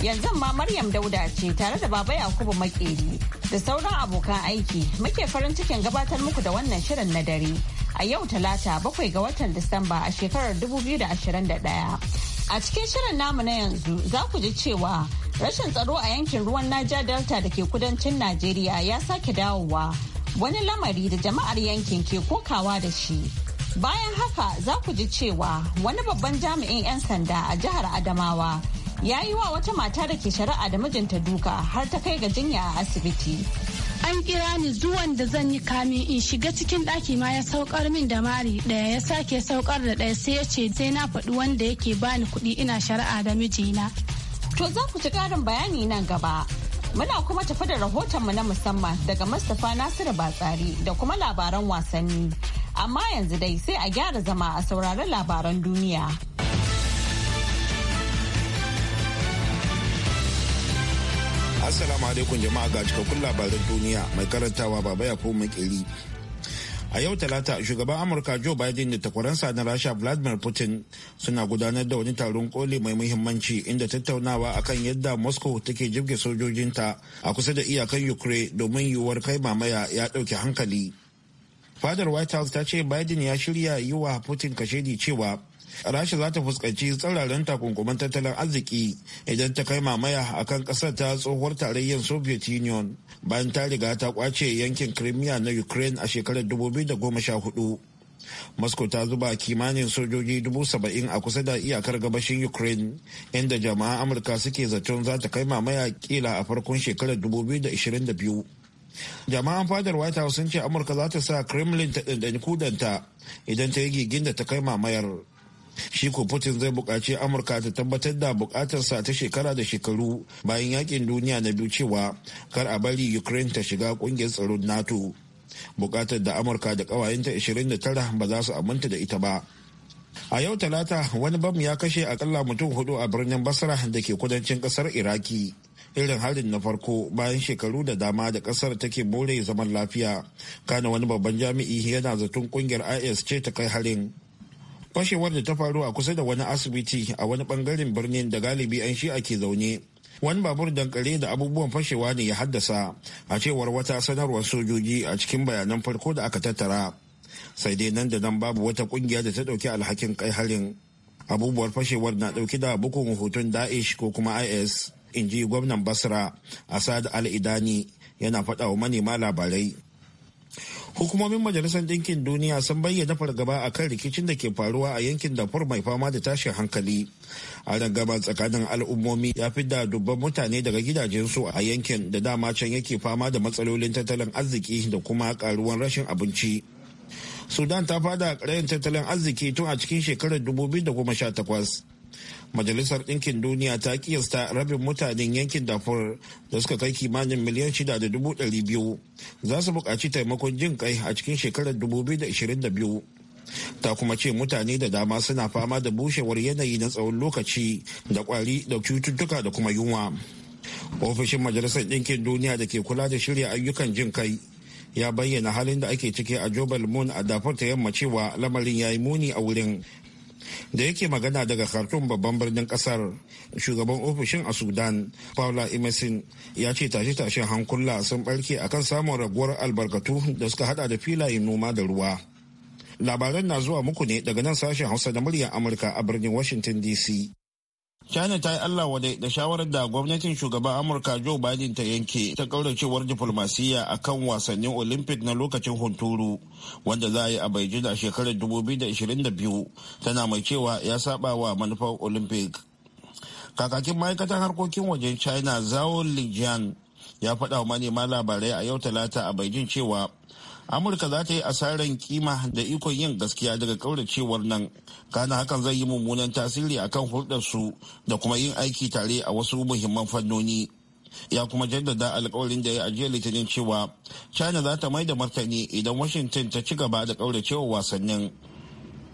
Yanzu ma Maryam Dauda ce tare da Baba Yakubu Makeri da sauran abokan aiki muke farin cikin gabatar muku da wannan shirin na dare a yau talata bakwai ga watan Disamba a shekarar 2021. A cikin shirin namu na yanzu za ku ji cewa rashin tsaro a yankin ruwan Niger Delta da ke kudancin Najeriya ya sake dawowa wani lamari da jama'ar yankin ke kokawa da shi. Bayan haka za ku ji cewa wani babban jami'in 'yan sanda a jihar Adamawa ya yi wa wata mata da ke shari'a da mijinta duka har ta kai ga jinya a asibiti. An kira ni zuwan da zan yi kamin in shiga cikin ɗaki ma ya saukar min da mari ɗaya ya sake saukar da ɗaya sai ya ce sai na faɗi wanda yake bani kuɗi ina shari'a da mijina. To za ku ci ƙarin bayani nan gaba. Muna kuma tafi da rahotonmu na musamman daga Mustapha Nasiru Batsari da kuma labaran wasanni. Amma yanzu dai sai a gyara zama a sauraron labaran duniya. Assalamu alaikum jama'a ga cikakkun labaran duniya mai karantawa baba ya ko makili. A yau talata shugaban Amurka Joe Biden da takwaransa na Rasha Vladimir Putin suna gudanar da wani taron koli mai muhimmanci inda tattaunawa akan yadda Moscow take jibge sojojinta a kusa da iyakan Ukraine domin yiwuwar kai mamaya ya dauke hankali. Fadar White House ta ce Biden ya shirya yi wa Putin kashedi cewa rasha za ta fuskanci tsararen takunkuman tattalin arziki idan ta kai mamaya a kan kasar ta tsohuwar tarayyar soviet union bayan ta riga ta kwace yankin crimea na ukraine a shekarar 2014 moscow ta zuba kimanin sojoji dubu a kusa da iyakar gabashin ukraine inda jama'an amurka suke zaton za ta kai mamaya kila a farkon shekarar 2022 jama'an fadar white house sun ce amurka za ta sa kremlin ta ɗanɗani kudanta idan ta yi gigin da ta kai mamayar shi ko putin zai buƙaci amurka ta tabbatar da buƙatarsa ta shekara da shekaru bayan yakin duniya na biyu cewa kar a bari ukraine ta shiga ƙungiyar tsaron nato buƙatar da amurka da ƙawayenta 29 ba za su aminta da ita ba a yau talata wani bam ya kashe akalla mutum hudu a birnin basra da ke kudancin kasar iraki irin harin na farko bayan shekaru da dama da kasar take more zaman lafiya kana wani babban jami'i yana zaton kungiyar is ce ta kai harin fashewar da ta faru a kusa da wani asibiti a wani bangaren birnin da galibi 'yan shi'a ke zaune wani babur dankare da abubuwan fashewa ne ya haddasa a cewar wata sanarwar sojoji a cikin bayanan farko da aka tattara sai dai nan da nan babu wata kungiya da ta dauki alhakin kai harin abubuwar fashewar na dauki da bukun hoton da'ish ko kuma is in ji gwamnan basra asad al-idani yana faɗa wa manema labarai hukumomin majalisar ɗinkin duniya sun bayyana fargaba a kan rikicin da ke faruwa a yankin fur mai fama da tashin hankali a gaba tsakanin al'ummomi ya fi da dubban mutane daga gidajensu a yankin da dama can yake fama da matsalolin tattalin arziki da kuma karuwan rashin abinci sudan ta fada a tattalin arziki tun a cikin shekarar 2018 majalisar ɗinkin duniya ta kiyasta rabin mutanen yankin dafur da suka kai kimanin miliyan shida da dubu ɗari biyu za su buƙaci taimakon jin kai a cikin shekarar dubu biyu da ishirin da biyu ta kuma ce mutane da dama suna fama da bushewar yanayi na tsawon lokaci da kwari da cututtuka da kuma yunwa ofishin majalisar ɗinkin duniya da ke kula da shirya ayyukan jin kai ya bayyana halin da ake ciki a jobal moon a dafur ta yamma cewa lamarin ya yi muni a wurin da yake magana daga khartoum babban birnin kasar shugaban ofishin a sudan paula emerson ya ce tashe-tashen hankula sun barke akan samun raguwar albarkatu da suka hada da filayen noma da ruwa labaran na zuwa muku ne daga nan sashen hausa da muryar amurka a birnin washington dc China ta yi Allah wadai da shawarar da gwamnatin shugaban Amurka Joe Biden ta yanke ta kauracewar diflomasiyya a kan wasannin Olympic na lokacin hunturu wanda za a yi a Beijing a shekarar 2022 tana mai cewa ya saba wa manufar Olympic. Kakakin ma'aikatan harkokin wajen China Zhao Lijian ya faɗa wa manema labarai a yau talata a Beijing cewa Amurka za ta yi asarar kima da ikon yin gaskiya daga kauracewar nan, kana hakan zai yi mummunan tasiri akan hulɗarsu da kuma yin aiki tare a wasu muhimman fannoni. ya kuma jaddada alkawarin da ya ajiye litinin cewa china za ta mai da martani idan washington ta ci gaba da kauracewa wasannin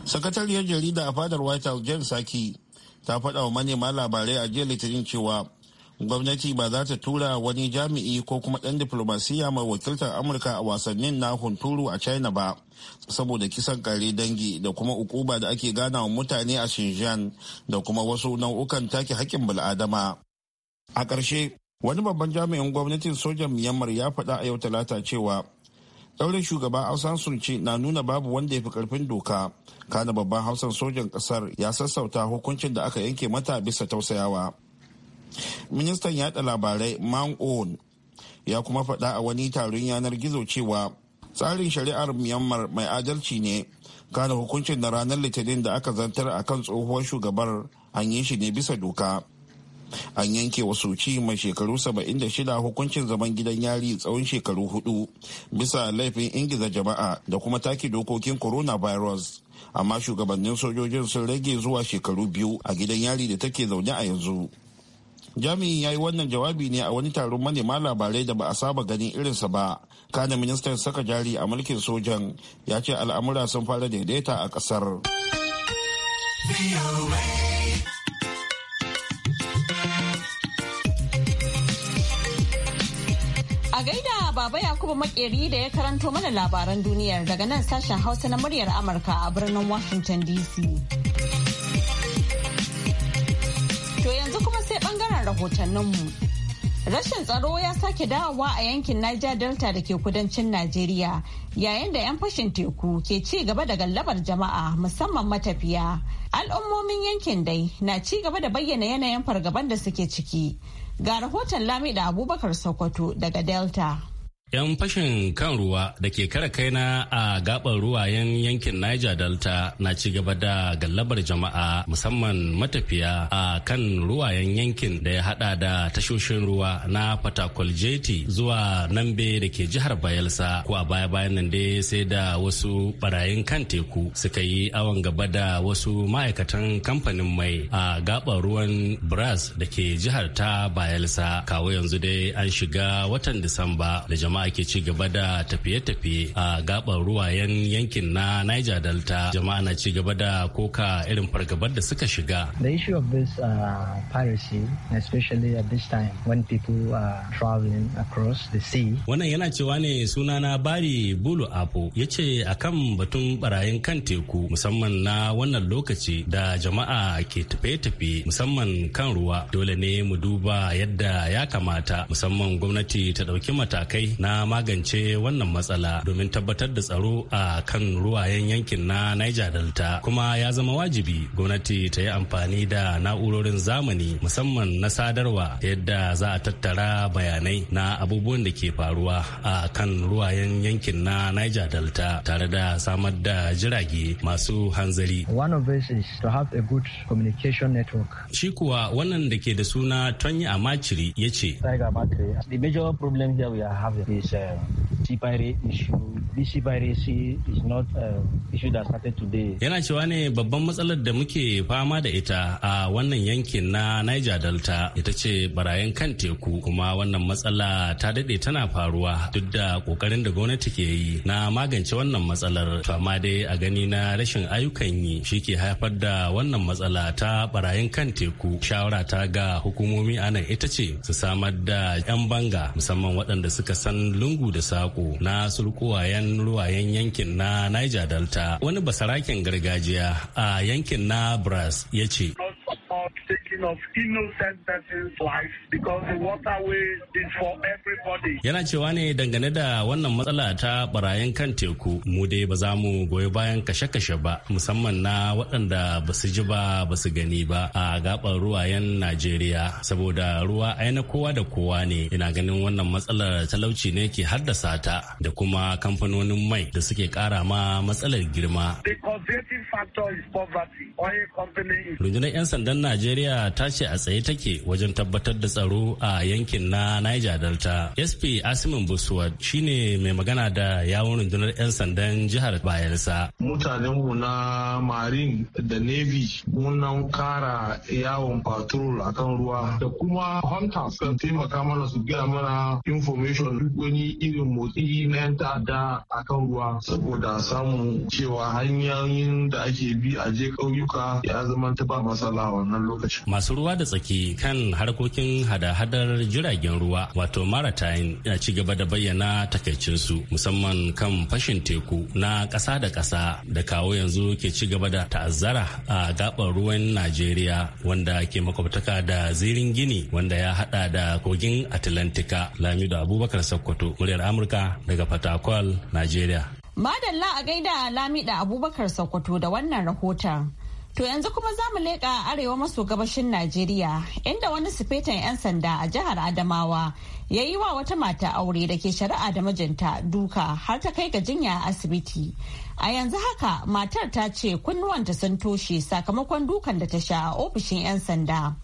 sakatariyar jarida a fadar white house jen saki ta faɗa wa manema labarai a jiya litinin cewa gwamnati ba za ta tura wani jami'i ko kuma ɗan diflomasiyya mai wakiltar amurka a wasannin na hunturu a china ba saboda kisan kare dangi da kuma ukuba da ake gana wa mutane a xinjiang da kuma wasu nau'ukan take hakkin bil'adama a ƙarshe wani babban jami'in gwamnatin sojan myanmar ya faɗa a yau talata cewa ɗaurin shugaba hausan sunci na nuna babu wanda ya fi ƙarfin doka kana babban hausan sojan ƙasar ya sassauta hukuncin da aka yanke mata bisa tausayawa ministan yada labarai man ya kuma faɗa a wani taron yanar gizo cewa tsarin shari'ar myanmar mai adalci ne kana hukuncin na ranar litinin da aka zantar a kan tsohuwar shugabar an yi shi ne bisa doka an yanke wasu ci mai shekaru 76 hukuncin zaman gidan yari tsawon shekaru hudu bisa laifin ingiza jama'a da kuma take dokokin coronavirus amma shugabannin sojojin sun rage zuwa shekaru biyu a gidan yari da take zaune a yanzu jami'in ya yi wannan jawabi ne a wani taron manema labarai da ba a saba ganin irinsa ba kane ministan saka jari a mulkin sojan ya ce al'amura sun fara daidaita a kasar a gaida baba yakubu makeri da ya karanto mana labaran duniyar daga nan sashen hausa na muryar amurka a birnin washington dc rahotanninmu. Rashin tsaro ya sake dawowa a yankin Niger Delta da ke kudancin Najeriya yayin da 'yan fashin teku ke ci gaba da gallabar jama'a musamman matafiya. Al'ummomin yankin dai na ci gaba da bayyana yanayin fargaban da suke ciki. Ga rahoton Lami Abubakar Sokoto daga Delta. 'Yan fashin kan ruwa da ke kare kaina a gabar ruwayen yankin Niger Delta na ci gaba da gallabar jama'a musamman matafiya a kan ruwayen yankin da ya hada da tashoshin ruwa na Fatakwaljeti Jeti zuwa Nambe da ke jihar Bayelsa ko a baya-bayan nan dai sai da wasu barayin kan teku suka yi awon gaba da wasu ma'aikatan kamfanin mai a gabar ruwan bras da ke jihar ta Bayelsa kawo yanzu dai an shiga watan Disamba da jama'a jama'a ke ci gaba da tafiye-tafiye a gabar ruwayen yankin na Niger Delta jama'a na ci gaba da koka irin fargabar da suka shiga. The issue of this uh, piracy especially at this time when people are traveling across the sea. Wannan yana cewa ne sunana Bari Bulu Apo ya ce akan batun barayin kan teku musamman na wannan lokaci da jama'a ke tafiye-tafiye musamman kan ruwa dole ne mu duba yadda ya kamata musamman gwamnati ta ɗauki matakai na na magance wannan matsala domin tabbatar da tsaro a kan ruwayen yankin na Niger Delta kuma ya zama wajibi gwamnati ta yi amfani da na'urorin zamani musamman na sadarwa yadda za a tattara bayanai na abubuwan da ke faruwa a kan ruwayen yankin na Niger Delta tare da samar da jirage masu hanzari. One of this is to have a good communication network. Shi kuwa wannan da ke da suna Tonyi Amachiri ya ce. The major problem here we are having is um, Uh, Yana cewa ne babban matsalar da muke fama da ita a wannan yankin na Niger Delta ita ce barayin kan teku kuma wannan matsala ta daɗe tana faruwa duk da ƙoƙarin da gwamnati ke yi na magance wannan matsalar. To amma dai a gani na rashin ayyukan yi shi ke haifar da wannan matsala ta barayin kan teku. Shawara ta ga hukumomi anan ita ce su samar da 'yan banga musamman waɗanda suka san lungu da saƙo na sulkuwayen ruwayen yankin na niger delta wani basarakin gargajiya a yankin na bras ya ce of innocent person's life because the waterway Yana cewa ne dangane da wannan matsala ta barayan kan teku mu dai ba za mu goyi bayan kashe-kashe ba musamman na waɗanda ba su ji ba ba su gani ba a gaɓar ruwayen Najeriya saboda ruwa a na kowa da kowa ne ina ganin wannan matsalar talauci ne ke haddasa ta da kuma kamfanonin mai da suke ƙara ma matsalar girma. Rundunar 'yan sandan Najeriya tashi a tsaye take wajen tabbatar da tsaro a yankin na Niger Delta. SP Asimin Buswad shine mai magana da yawon rundunar 'yan sandan jihar Bayelsa. mu na Marine da Navy munan kara yawon patrol akan ruwa da kuma hunters kan taimaka mana su gaya mana information duk wani irin motsi na 'yan ta'adda akan ruwa saboda samun cewa hanyoyin da ake bi a je ƙauyuka ya zama ta ba masala wannan lokacin. masu ruwa da tsaki kan harkokin hada-hadar jiragen ruwa wato maritime ya ci gaba da bayyana takaicinsu musamman kan fashin teku na ƙasa da ƙasa da kawo yanzu ke ci gaba da ta'azzara a gaɓar ruwan najeriya wanda ke makwabtaka da zirin gini wanda ya hada da kogin atlantika lamido abubakar sokoto muryar amurka daga fatakwal najeriya madalla a gaida lamida abubakar sokoto da wannan rahoton To yanzu kuma za mu leƙa arewa maso gabashin Najeriya inda wani sifetan 'yan sanda a jihar Adamawa ya yi wa wata mata aure da ke shari'a da mijinta duka har ta kai ga jinya a asibiti. A yanzu haka matar ta ce kunnuwanta sun toshe sakamakon dukan da ta sha a ofishin 'yan sanda.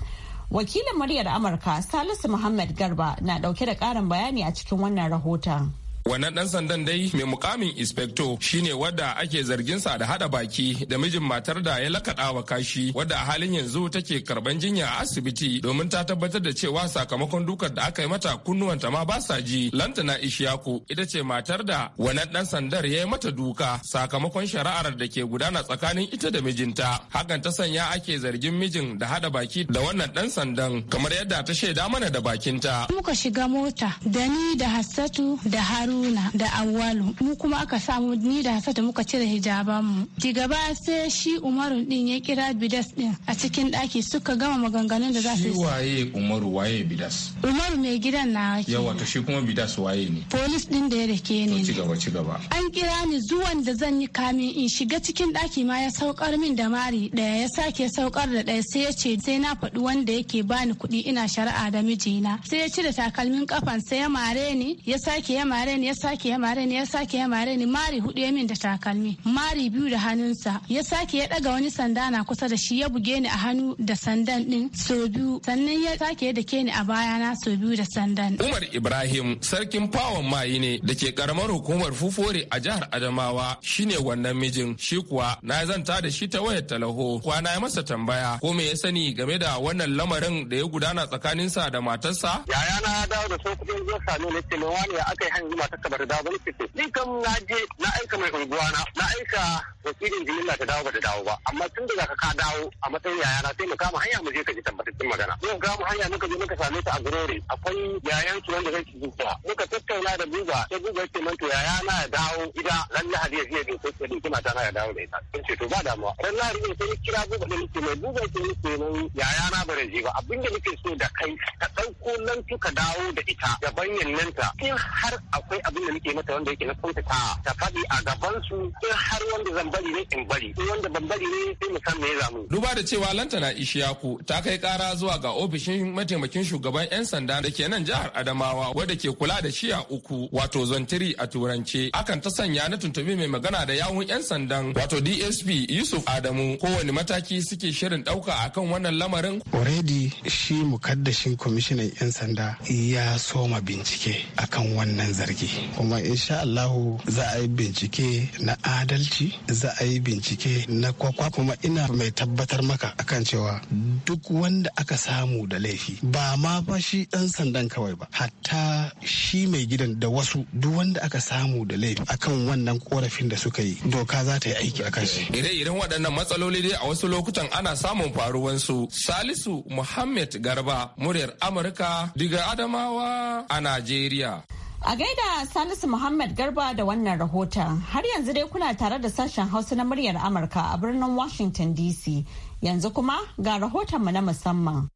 Wakilin muryar Amurka Salisu Muhammad Garba na ɗauke da ƙarin bayani a cikin wannan rahoton. wannan dan sandan dai mai mukamin inspekto shine wadda ake zargin sa da hada baki da mijin matar da ya lakada wa kashi wadda a halin yanzu take karban jinya a asibiti domin ta tabbatar da cewa sakamakon dukar da aka yi mata kunnuwanta ma ba sa ji lantana ishiyaku ita ce matar da wannan dan sandar ya yi mata duka sakamakon shari'ar da ke gudana tsakanin ita da mijinta hakan ta sanya ake zargin mijin da hada baki da wannan dan sandan kamar yadda ta shaida mana da bakinta muka shiga mota da ni da hassatu da haru haruna da Awalu mu kuma aka samu ni da hasata muka cire hijaban mu. diga ba sai shi umaru din ya kira bidas din a cikin daki suka gama maganganun da za su yi waye umaru waye bidas umaru mai gidan na yawa to shi kuma bidas waye ne polis din da ya rake ne ci gaba ci an kira ni zuwan da zan yi kamin in shiga cikin daki ma ya saukar min da mari daya ya sake saukar da daya sai ya ce sai na faɗi wanda yake bani kuɗi ina shari'a da mijina sai ya cire takalmin kafan sai ya mare ni ya sake ya mare mare ni ya sake ya mare ni ya sake ya mare ni mari hudu ya min da takalmi mari biyu da hannunsa ya sake ya daga wani sanda na kusa da shi ya buge ni a hannu da sandan din so biyu sannan ya sake ya dake ni a baya na so biyu da sandan Umar Ibrahim sarkin fawon mayi ne da ke karamar hukumar Fufore a jihar Adamawa shine wannan mijin shi kuwa na zanta da shi ta wayar talaho kwana ya masa tambaya ko me ya sani game da wannan lamarin da ya gudana tsakaninsa da matarsa yaya na dawo da sun kudin zai sami ni ce ne a aka yi hanyar ta kabar da ba nake ni kam na je na aika mai unguwa na na aika wakilin na ta dawo ba ta dawo ba amma tun daga ka ka dawo a matsayin yaya na sai mu kama hanya mu je ka ji tabbatattun magana mu kama hanya muka je muka same ta a gurore akwai yayan su wanda zai ci muka tattauna da buga sai buga yake manta yaya na ya dawo gida ran lahadi zai je bin sai ɗauki mata na ya dawo da ita sun ce to ba damuwa ran lahadi rike sai kira buga da nake mai buga yake nake mai yaya na bare je ba abin da nake so da kai ka ɗauko nan ka dawo da ita da banyan nan ta in har akwai akwai abin da nake mata wanda yake na ta faɗi a gaban su in har wanda zan bari ne in bari in wanda ban bari ne sai mu san me ya zamu duba da cewa lantana ishiyaku ta kai ƙara zuwa ga ofishin mataimakin shugaban yan sanda da ke nan jihar adamawa wadda ke kula da shiya uku wato zantiri a turance akan ta sanya na tuntubi mai magana da yawun yan sandan wato dsp yusuf adamu kowane mataki suke shirin ɗauka akan wannan lamarin already shi mukaddashin kwamishinan yan sanda ya soma bincike akan wannan zargi kuma insha Allahu za a yi bincike na adalci za a yi bincike na kwakwa kuma ina mai tabbatar maka akan cewa duk wanda aka samu da laifi ba ma ba shi dan sandan kawai ba hatta shi mai gidan da wasu duk wanda aka samu da laifi akan wannan korafin da suka yi doka za ta yi aiki akan shi ire-iren waɗannan matsaloli dai a wasu lokutan ana samun faruwansu salisu muhammad garba muryar amurka diga adamawa a najeriya A gaida Salisu Muhammad Garba da wannan rahoton har yanzu dai kuna tare da sashen Hausa na muryar Amurka a birnin Washington DC. Yanzu kuma ga rahoton mu na musamman.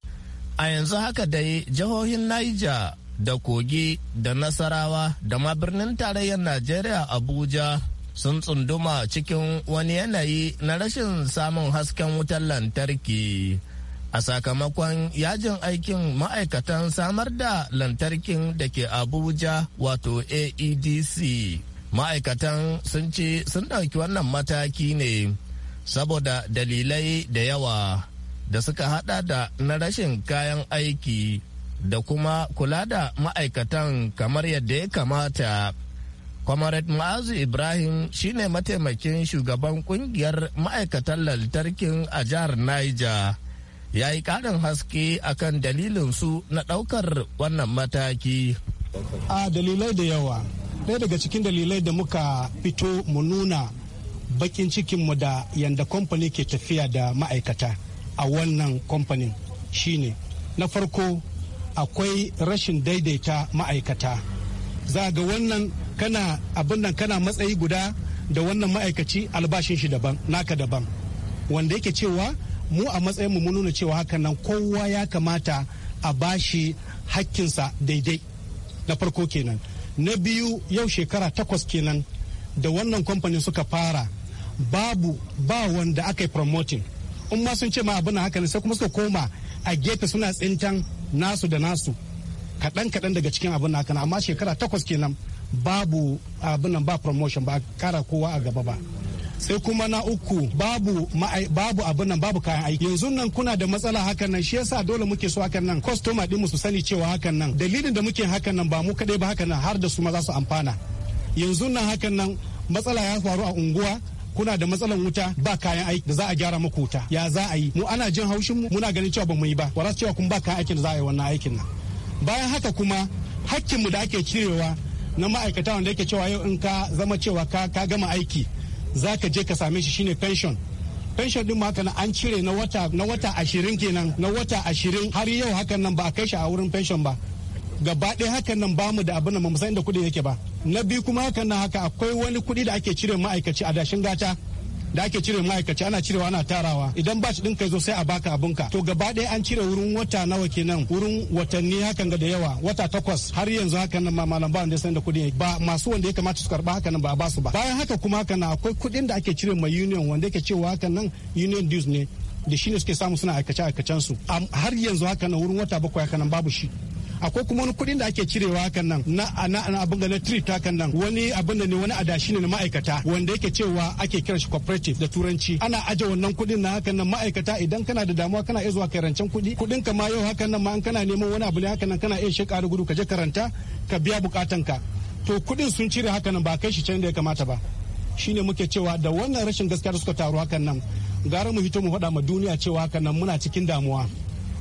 A yanzu haka dai jihohin Niger da Kogi da Nasarawa da ma birnin tarayyar Najeriya Abuja sun tsunduma cikin wani yanayi na rashin samun hasken wutar lantarki. a sakamakon yajin aikin ma'aikatan samar da lantarkin da ke abuja wato aedc ma'aikatan sun ce sun ɗauki wannan mataki ne saboda dalilai da yawa da suka hada da na rashin kayan aiki da kuma kula da ma'aikatan kamar yadda ya kamata Comrade Ma'azu Ibrahim shine mataimakin shugaban kungiyar ma'aikatan lantarkin a jihar Niger. ya yi ƙarin haske akan dalilin su na ɗaukar wannan mataki. A dalilai da yawa, ɗaya daga cikin dalilai da muka fito mu nuna bakin cikinmu da yanda kamfani ke tafiya da ma'aikata a wannan kamfanin shine na farko akwai rashin daidaita ma'aikata za ga wannan kana abin nan kana matsayi guda da wannan ma'aikaci albashin shi daban naka daban wanda yake cewa mu a matsayinmu mu nuna cewa hakan nan kowa ya kamata a bashi hakkinsa daidai na farko kenan na biyu yau shekara takwas kenan da wannan kamfanin suka fara babu ba wanda aka yi promoting in ma sun ce ma abin haka ne sai kuma suka koma a gefe suna tsintan nasu da nasu kaɗan kaɗan daga cikin abin haka amma shekara takwas kenan babu abin nan ba promotion ba kara kowa a gaba ba sai kuma na uku babu babu abin nan babu kayan aiki yanzu nan kuna da matsala hakan nan shi yasa dole muke so hakan nan customer din mu su sani cewa hakan nan dalilin da muke hakan nan ba mu kadai ba hakan nan har da su ma za su amfana yanzu nan hakan nan matsala ya faru a unguwa kuna da matsalan wuta ba kayan aiki da za a gyara muku wuta ya za a yi mu ana jin haushin mu muna ganin cewa ba mu yi ba wala cewa kun ba kayan aikin da za a yi wannan aikin nan bayan haka kuma hakkin mu da ake cirewa na ma'aikata wanda yake cewa yau in ka zama cewa ka gama aiki za ka je ka same shi shine pension pension din haka an cire na wata na wata ashirin kenan na wata ashirin har yau hakan nan ba a kai shi a wurin pension ba gaba ɗaya hakan nan ba mu da abin nan ba mu san inda kuɗin yake ba na biyu kuma hakan nan haka akwai wani kuɗi da ake cire ma'aikaci a dashin gata da ake cire ma'aikaci ana cirewa ana tarawa idan bashi din ka zo sai a baka ka to gaba ɗaya an cire wurin wata nawa kenan wurin watanni hakan ga da yawa wata takwas har yanzu hakan nan ma malam ba wanda san da kuɗi ba masu wanda ya kamata su karba hakan nan ba a basu ba bayan haka kuma haka na akwai kuɗin da ake cire ma union wanda yake cewa hakan nan union dues ne da shine suke samu suna aikace aikacen su har yanzu haka nan wurin wata bakwai haka nan babu shi akwai kuma wani kuɗin da ake cirewa hakan nan na na abin da na trip hakan nan wani abin da ne wani adashi ne na ma'aikata wanda yake cewa ake kiran shi cooperative da turanci ana aje wannan kudin na hakan nan ma'aikata idan kana da damuwa kana iya zuwa kai rancen kuɗi kuɗin ka ma yau hakan nan ma in kana neman wani abu ne hakan nan kana iya shekaru gudu ka je karanta ka biya bukatan ka to kuɗin sun cire hakan nan ba kai shi can da ya kamata ba ne muke cewa da wannan rashin gaskiya da suka taru hakan nan gara mu hito mu faɗa ma duniya cewa hakan nan muna cikin damuwa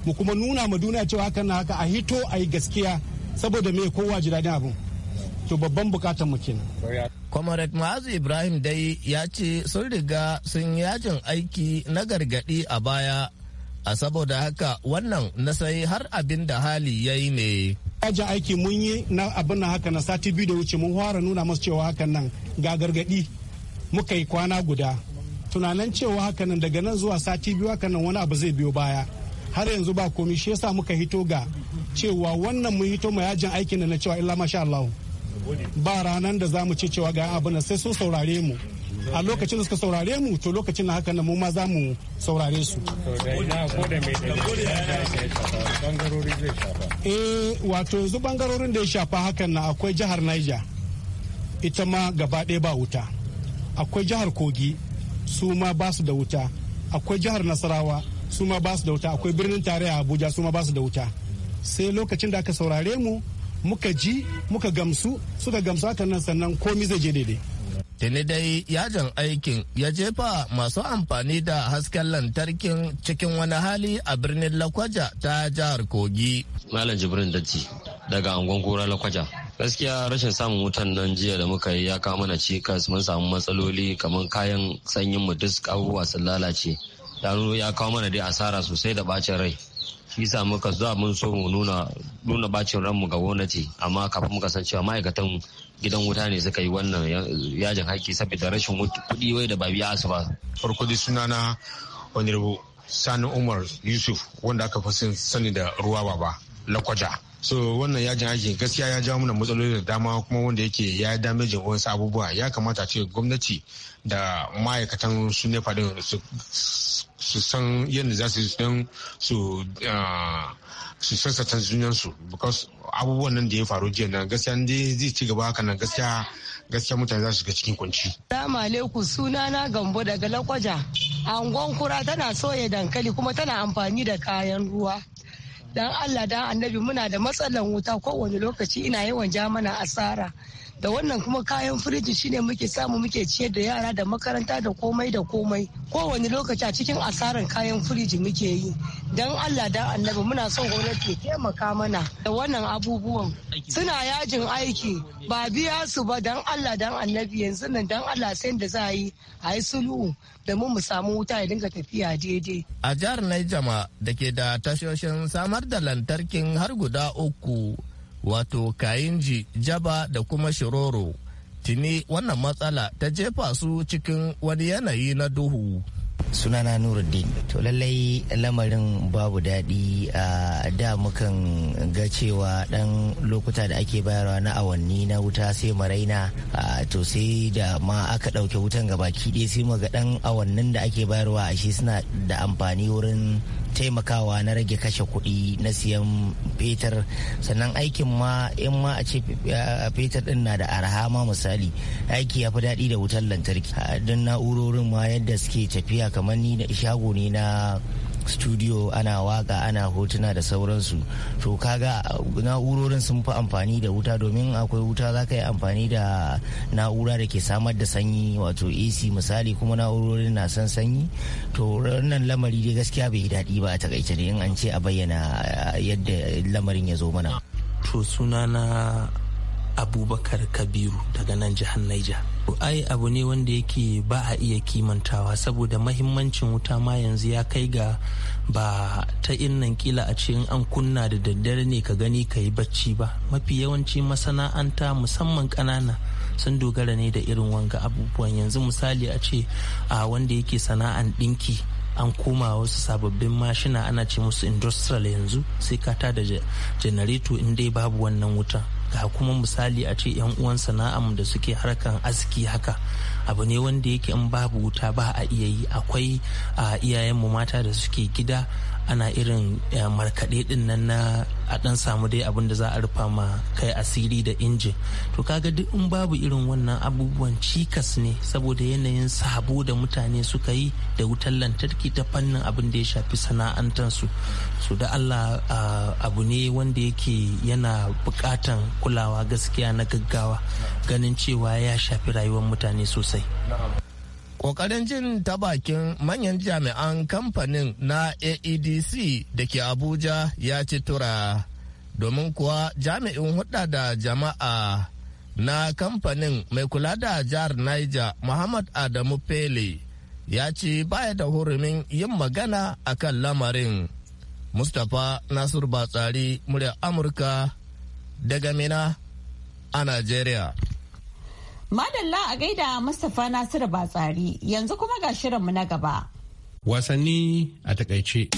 mu kuma nuna ma duniya cewa hakan na haka a hito a yi gaskiya saboda me kowa ji daɗin abin to babban bukatan mu kenan comrade ma'azu ibrahim dai ya ce sun riga sun yajin aiki na gargaɗi a baya a saboda haka wannan na sai har abin da hali ya yi ne yajin aiki mun yi na abin na haka na sati biyu da wuce mun fara nuna masu cewa hakan nan ga gargaɗi muka yi kwana guda tunanin cewa hakanan daga nan zuwa sati biyu hakanan wani abu zai biyo baya har yanzu ba komi shi yasa muka hito ga cewa wannan mun hito ma yajin aikin da na cewa illa masha Allah ba ranan da zamu ce cewa ga abin sai sun saurare mu a lokacin da suka saurare mu to lokacin na haka mu ma za mu saurare su eh wato yanzu bangarorin da ya shafa hakan na akwai jihar Niger ita ma gaba ɗaya ba wuta akwai jihar Kogi su ma ba su da wuta akwai jihar Nasarawa su ma ba su da wuta akwai birnin tarayya abuja su ma ba su da wuta sai lokacin da aka saurare mu muka ji muka gamsu suka gamsu hakan nan sannan komi zai je daidai tuni dai yajin aikin ya jefa masu amfani da hasken lantarkin cikin wani hali a birnin lakwaja ta jihar kogi malam jibrin datti daga angon kura lakwaja gaskiya rashin samun wutan nan jiya da muka yi ya kawo mana cikas mun samu matsaloli kamar kayan sanyin mu duk abubuwa sun lalace dano ya kawo mana dai asara sosai da bacin rai shi sa muka zuwa mun so mu nuna nuna bacin ranmu ga gwamnati amma kafin muka san cewa ma'aikatan gidan wuta ne suka yi wannan yajin haƙƙi saboda rashin kuɗi wai da ba biya su ba farko dai rubu sani umar yusuf wanda aka fi sani da ruwa ba lakwaja so wannan yajin aiki gaskiya ya jawo mana matsaloli da dama kuma wanda yake ya damejin wasu abubuwa ya kamata ce gwamnati da ma'aikatan su nefa su san yadda za su don su ah, su sassata junansu because abubuwan nan da ya faru jiya nan gaskiya ne zai ci gaba haka nan gaskiya gaskiya mutane za su shiga cikin kunci. Salamu alaikum suna na gambo daga lakwaja. Angon kura tana soya dankali kuma tana amfani da kayan ruwa. Dan Allah dan annabi muna da matsalan wuta kowane lokaci ina yawan jamana asara. da wannan kuma kayan firiji shine muke samu muke ciyar da yara da makaranta da komai da komai kowane lokaci a cikin asarar kayan firiji muke yi don allah dan annabi muna son gwamnati ta taimaka mana da wannan abubuwan suna yajin aiki ba biya su ba don allah dan annabi yanzu nan don allah sai da za a yi a yi sulhu da mu samu wuta ya dinga tafiya daidai a jihar naijama da ke da tashoshin samar da lantarkin har guda uku wato kayinji jaba da kuma shiroro tuni wannan matsala ta jefa su cikin wani yanayi na duhu sunana nuruddin to lallai lamarin babu daɗi a da mukan ga cewa ɗan lokuta da ake bayarwa na awanni na wuta sai maraina to sai da ma aka ɗauke wutan gabaki ɗaya sai ga ɗan awannin da ake bayarwa a shi suna da amfani wurin taimakawa na rage kashe kuɗi na siyan fetur sannan aikin ma in ma a ce fetur ɗin na da arha ma misali aiki ya fi daɗi da wutar lantarki don na'urorin ma yadda suke tafiya kamar ni da shago ne na studio ana waka ana hotuna da sauransu to kaga na'urorin sun fi amfani da wuta domin akwai wuta za ka yi amfani da na'ura da ke samar da sanyi wato ac misali kuma na'urorin na san sanyi to wannan lamari dai gaskiya bai daɗi ba a takaice da in an ce a bayyana yadda lamarin ya zo mana to sunana abubakar kabiru daga nan jihar naija ai abu ne wanda yake ba a iya kimantawa saboda mahimmancin wuta ma yanzu ya kai ga ba ta innan kila a cikin an kunna da daddare ne ka gani ka yi bacci ba mafi yawanci masana'anta musamman ƙanana sun dogara ne da irin wanga abubuwan yanzu misali a ce a wanda yake sana'an ɗinki an koma wasu sababbin mashina ana ce musu industrial yanzu sai ka da janareto in dai babu wannan wuta ga kuma misali a ce yan uwan sana'am da suke harkan aski haka abu ne wanda yake in babu wuta ba a iya yi akwai a iyayenmu mata da suke gida ana irin eh, markaɗe ɗin nan na a ɗan samu dai abin da za a rufa ma kai asiri da injin to kaga duk in babu irin wannan abubuwan cikas ne saboda yanayin sabo da mutane suka yi da wutar lantarki ta fannin abin da ya shafi sana'antarsu su su da allah abu ne wanda yake yana buƙatan kulawa gaskiya na gaggawa ganin cewa ya shafi rayuwar mutane sosai Ƙoƙarin jin ta bakin manyan jami'an kamfanin na AEDC da ke Abuja ya ci tura, domin kuwa jami'in hudda da jama'a na kamfanin mai kula da jihar Niger Muhammad Adamu Pele ya ce baya da hurumin yin magana a kan lamarin. Mustapha Nasiru Batsari, murya Amurka daga Mina a Najeriya. Madalla a gaida Mustapha Nasiru Batsari yanzu kuma ga shirinmu na gaba. Wasanni a takaice.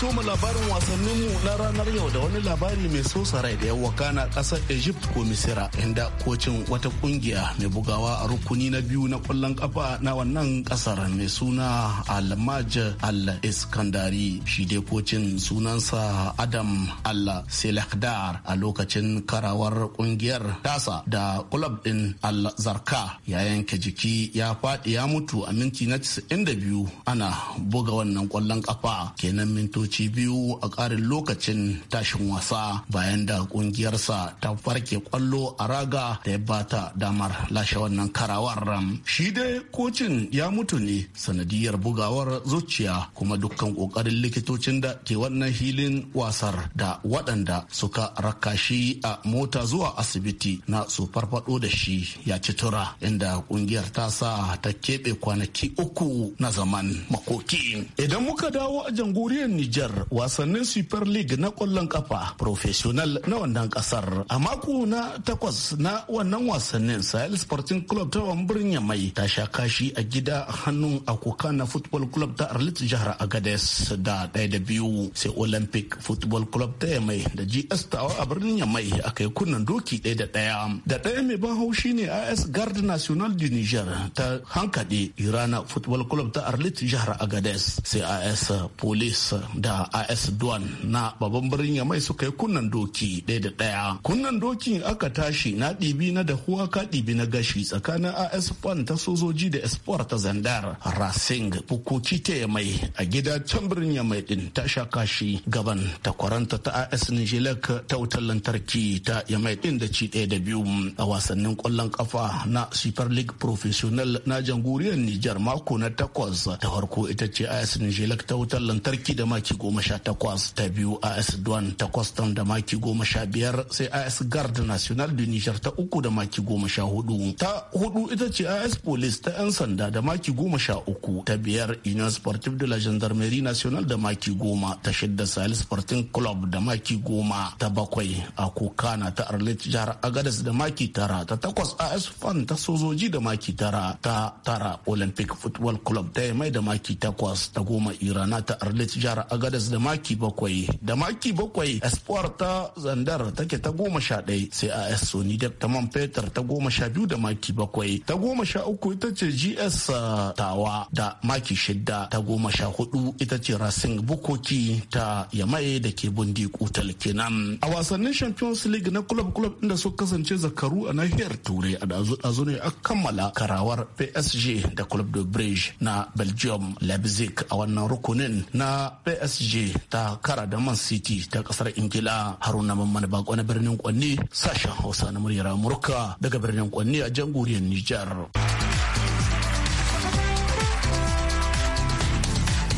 soma labarin wasanninmu na ranar yau da wani labari mai sosa rai da ya wakana kasar Egypt ko Misira inda kocin wata kungiya mai bugawa a rukuni na biyu na kwallon kafa na wannan kasar mai suna Almaj Al-Iskandari shi dai kocin sunansa Adam al selakdar a lokacin karawar kungiyar tasa da kulab din Al-Zarka ya yanke jiki ya faɗi ya mutu a minti na 92 ana buga wannan kwallon kafa kenan minto mintoci biyu a ƙarin lokacin tashin wasa bayan da ƙungiyarsa ta farke kwallo a raga da ya bata damar lashe wannan karawar shi dai kocin ya mutu ne sanadiyar bugawar zuciya kuma dukkan ƙoƙarin likitocin da ke wannan hilin wasar da waɗanda suka raka shi a mota zuwa asibiti na su farfado da shi ya ci tura inda ƙungiyar ta sa ta keɓe kwanaki uku na zaman makoki idan muka dawo a jamhuriyar ni Nijar wasannin Super League na kwallon kafa professional na wannan ƙasar. A mako na takwas na wannan wasannin Sahel Sporting Club ta Wambirin Yamai ta sha kashi a gida hannun Akuka na Football Club ta Arlit Jihar Agades da ɗaya da biyu sai Olympic Football Club ta Yamai da GS Tawa a birnin Yamai a kai kunnan doki ɗaya da ɗaya. Da ɗaya mai ban haushi ne AS Guard National de Niger ta hankaɗe Irana Football Club ta Arlit Jihar Agades sai AS Police da AS Duan na babban birnin Yamai suka yi kunnan doki ɗaya da ɗaya. Kunnan dokin aka tashi na ɗibi na dahuwa ka ɗibi na gashi tsakanin AS Fan ta sojoji da Espoir ta Zandar. Rasing Bukoki ta Yamai a gida can birnin Yamai ɗin ta sha kashi gaban takwaranta ta AS Nijilek ta wutar lantarki ta Yamai ɗin da ci ɗaya da biyu a wasannin ƙwallon ƙafa na Super League Professional na jamhuriyar Nijar mako na takwas da farko ita ce AS Nijilek ta wutar lantarki da maki maki goma sha takwas ta biyu as duan takwas tan da maki goma sha biyar sai as guard national da nijar ta uku da maki goma sha hudu ta hudu ita ce as police ta yan sanda da maki goma sha uku ta biyar union sportive de la gendarmerie national da maki goma ta shidda salis sporting club da maki goma ta bakwai a kokana ta arlet jihar agadas da maki tara ta takwas as fan ta sojoji da maki tara ta tara olympic football club ta mai da maki takwas ta goma irana ta arlet jihar a gadas da maki bakwai da maki bakwai espoir ta zandar take ta goma sha ɗaya sai a sony dep ta man fetur ta goma sha biyu da maki bakwai ta goma sha uku ita ce gs uh, tawa da maki shidda ta goma sha hudu ita ce racing bukoki ta yamaye da ke bundi kutal kenan a wasannin champions league na club club inda suka kasance zakaru a nahiyar turai a dazu ne a kammala karawar psg da club de bridge na belgium leipzig a wannan rukunin na psg psg ta kara da man city ta kasar ingila haruna mamman bako na birnin kwanne sashen hausa na muryar amurka daga birnin kwanne a jamhuriyar nijar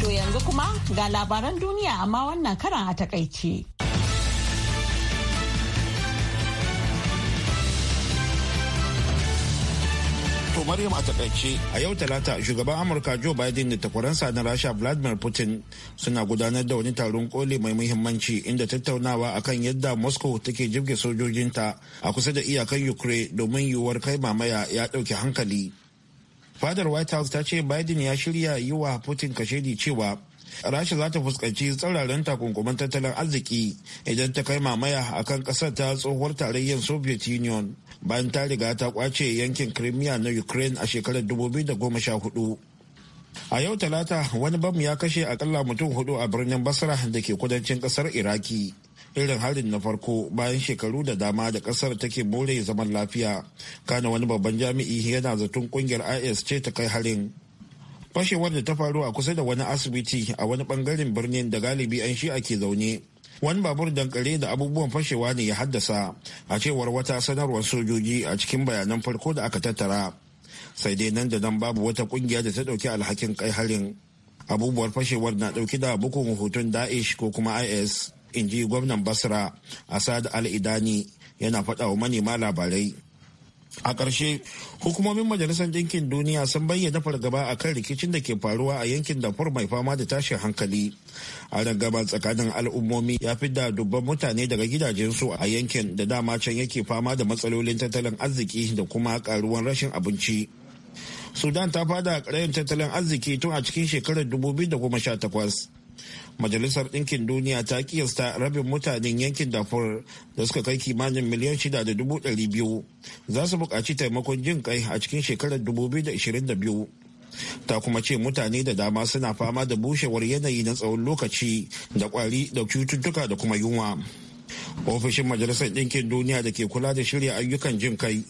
to yanzu kuma ga labaran duniya amma wannan karan a takaice Maryam a takaice. A yau talata shugaban Amurka Joe Biden da takwaransa na Rasha Vladimir Putin suna gudanar da wani taron koli mai muhimmanci inda tattaunawa akan yadda Moscow take jirge sojojinta a kusa da iyakan Ukraine domin yiwuwar kai mamaya ya ɗauki hankali. Fadar White House ta ce Biden ya shirya yi wa Putin kashedi cewa rasha za ta fuskanci tsauraren takunkuman tattalin arziki idan ta kai mamaya a kan ƙasar ta tsohuwar tarayyar soviet union bayan ta riga ta kwace yankin crimea na ukraine a shekarar 2014 a yau talata wani bam ya kashe akalla mutum hudu a birnin basra da ke kudancin kasar iraki irin harin na farko bayan shekaru da dama da kasar take more zaman lafiya kana wani babban jami'i yana zaton kungiyar is ce ta kai harin fashewar da ta faru a kusa da wani asibiti a wani bangaren birnin da galibi an shi ake zaune wani babur dankare da abubuwan fashewa ne ya haddasa a cewar wata sanarwar sojoji a cikin bayanan farko da aka tattara sai dai nan da nan babu wata kungiya da ta dauki alhakin kai harin abubuwar fashewar na dauki da bukun hoton daesh ko kuma is in ji gwamnan basra asad al-idani yana faɗa wa manema labarai a ƙarshe hukumomin majalisar ɗinkin duniya sun bayyana fargaba a kan rikicin da ke faruwa a yankin dafar mai fama da tashin hankali a gaba tsakanin al'ummomi ya fi da dubban mutane daga gidajensu a yankin da dama can yake fama da matsalolin tattalin arziki da kuma karuwan rashin abinci sudan ta fada a tattalin arziki tun a cikin shekarar 2018 majalisar ɗinkin duniya ta kiyasta rabin mutanen yankin dafur da suka kai kimanin miliyan shida da dubu ɗari biyu za su buƙaci taimakon jin kai a cikin shekarar dubu biyu da ishirin da biyu ta kuma ce mutane da dama suna fama da bushewar yanayi na tsawon lokaci da kwari da cututtuka da kuma yunwa ofishin majalisar ɗinkin duniya da ke kula da shirya ayyukan jin kai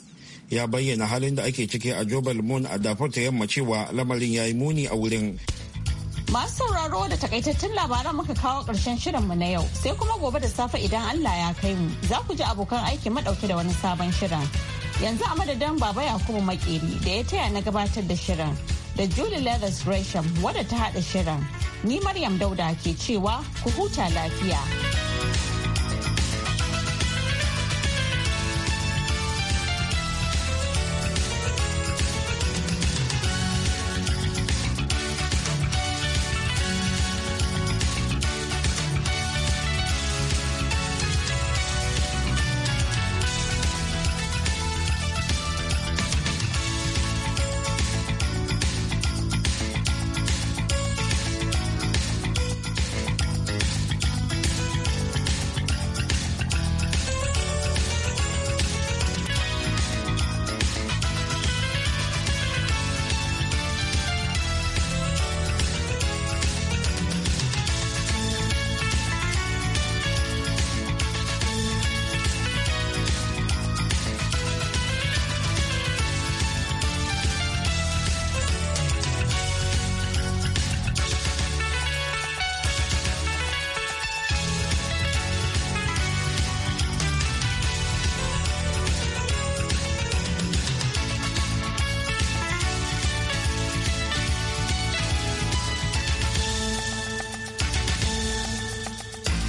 ya bayyana halin da ake ciki a jobal moon a dafur ta yamma cewa lamarin ya yi muni a wurin Masu sauraro da takaitattun labaran muka kawo ƙarshen shirinmu na yau sai kuma gobe da safe idan Allah ya kai mu za ku ji abokan aiki madauke da wani sabon shirin. Yanzu a madadin Baba Yakubu Makeri da ya taya na gabatar da shirin da Julie Leathers Gresham wadda ta haɗa shirin. Ni Maryam Dauda ke cewa ku huta lafiya.